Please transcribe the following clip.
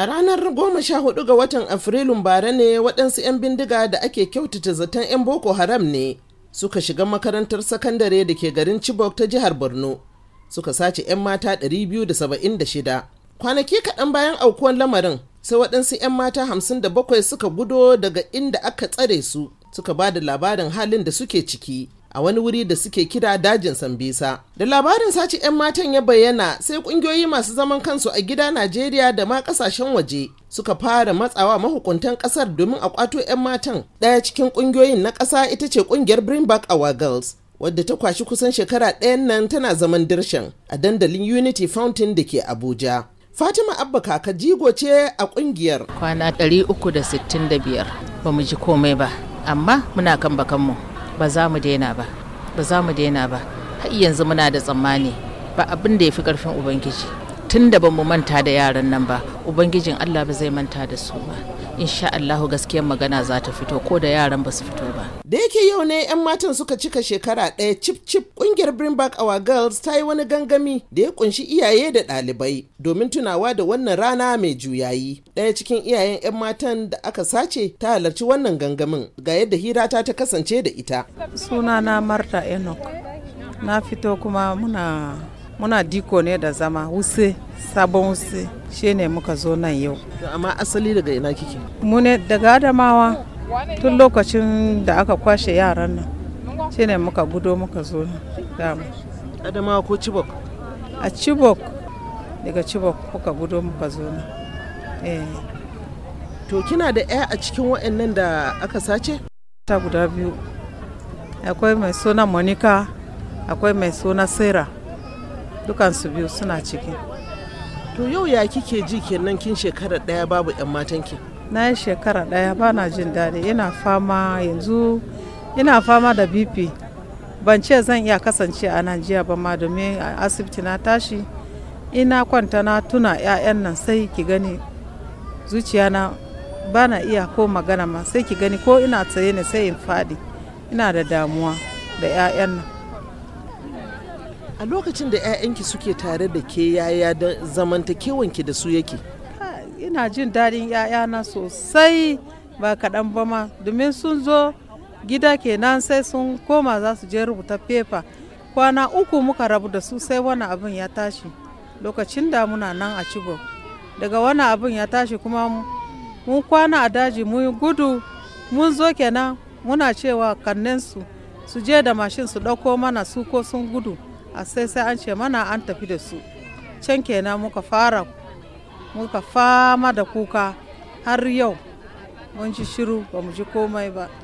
A ranar goma sha hudu ga watan Afrilun bara ne waɗansu 'yan bindiga da ake kyautata zaton 'yan Boko Haram ne suka shiga makarantar sakandare da ke garin Chibok ta jihar Borno suka sace 'yan mata 276. Kwanaki kaɗan bayan aukuwan lamarin sai waɗansu 'yan mata 57 suka gudo daga inda aka tsare su suka ba da labarin halin da suke ciki. a wani wuri da suke kira dajin sambisa da labarin sace 'yan matan ya bayyana sai kungiyoyi masu zaman kansu a gida najeriya da ma kasashen waje suka fara matsawa mahukuntan kasar domin a kwato 'yan matan daya cikin kungiyoyin na kasa ita ce kungiyar bring back our girls wadda ta kwashi kusan shekara ɗayan nan tana zaman dirshan a dandalin unity fountain da ke abuja fatima abba kaka jigo ce a kungiyar kwana 365 ba mu ji komai ba amma muna kan bakanmu ba za mu daina ba ba za mu daina ba har yanzu muna da tsammani ba abin da ya fi karfin ubangiji tun da ba mu manta da yaran nan ba ubangijin allah ba zai manta da su ba insha Allahu gaskiyar magana za ta fito ko da yaran ba su fito ba. Da yake yau ne 'yan matan suka cika shekara ɗaya cip cip ƙungiyar Bring Back Our Girls ta yi wani gangami da ya kunshi iyaye da ɗalibai domin tunawa da wannan rana mai juyayi. Ɗaya cikin iyayen 'yan matan da aka sace ta halarci wannan gangamin ga yadda hira ta ta kasance da ita. Sunana Marta Enoch. Na fito kuma muna muna diko ne da zama wuse sabon wuse shi ne muka zo nan yau amma asali daga ina kike mu ne daga adamawa tun lokacin da aka kwashe yaran nan shi ne muka gudo muka zo dama adamawa ko chibok a chibok daga chibok kuka gudo muka zo nan eh. to kina da ɗaya a cikin waɗannan da aka sace ta guda biyu akwai mai suna monica akwai mai suna sarah dukansu biyu suna ciki to yau ya kike ji kenan kin shekara ɗaya babu 'yan matanki na yi shekara ɗaya ba na jin daɗi ina fama yanzu ina fama da bp ban ce zan iya kasance a najeriya ba ma domin asibiti na tashi ina kwanta na tuna 'ya'yan nan sai ki gani zuciya na ba na iya ko magana ma sai ki gani ko ina tsaye ne sai in faɗi ina da damuwa da 'ya'yan nan a lokacin da 'ya'yanki suke tare da ke yaya da zamantakewanki da su yake ina jin daɗin 'ya'yana sosai ba kaɗan ba ma domin sun zo gida kenan sai sun koma za su je rubuta fefa kwana uku muka rabu da su sai wani abin ya tashi lokacin da muna nan a cibo daga wani abin ya tashi kuma mun kwana a daji mun gudu mun zo kenan muna cewa kannensu su je da mashin su ɗauko mana su ko sun gudu a sai sai an ce mana an tafi da su can kenan muka fara muka fama da kuka har yau mun ji shiru ba mu ji komai ba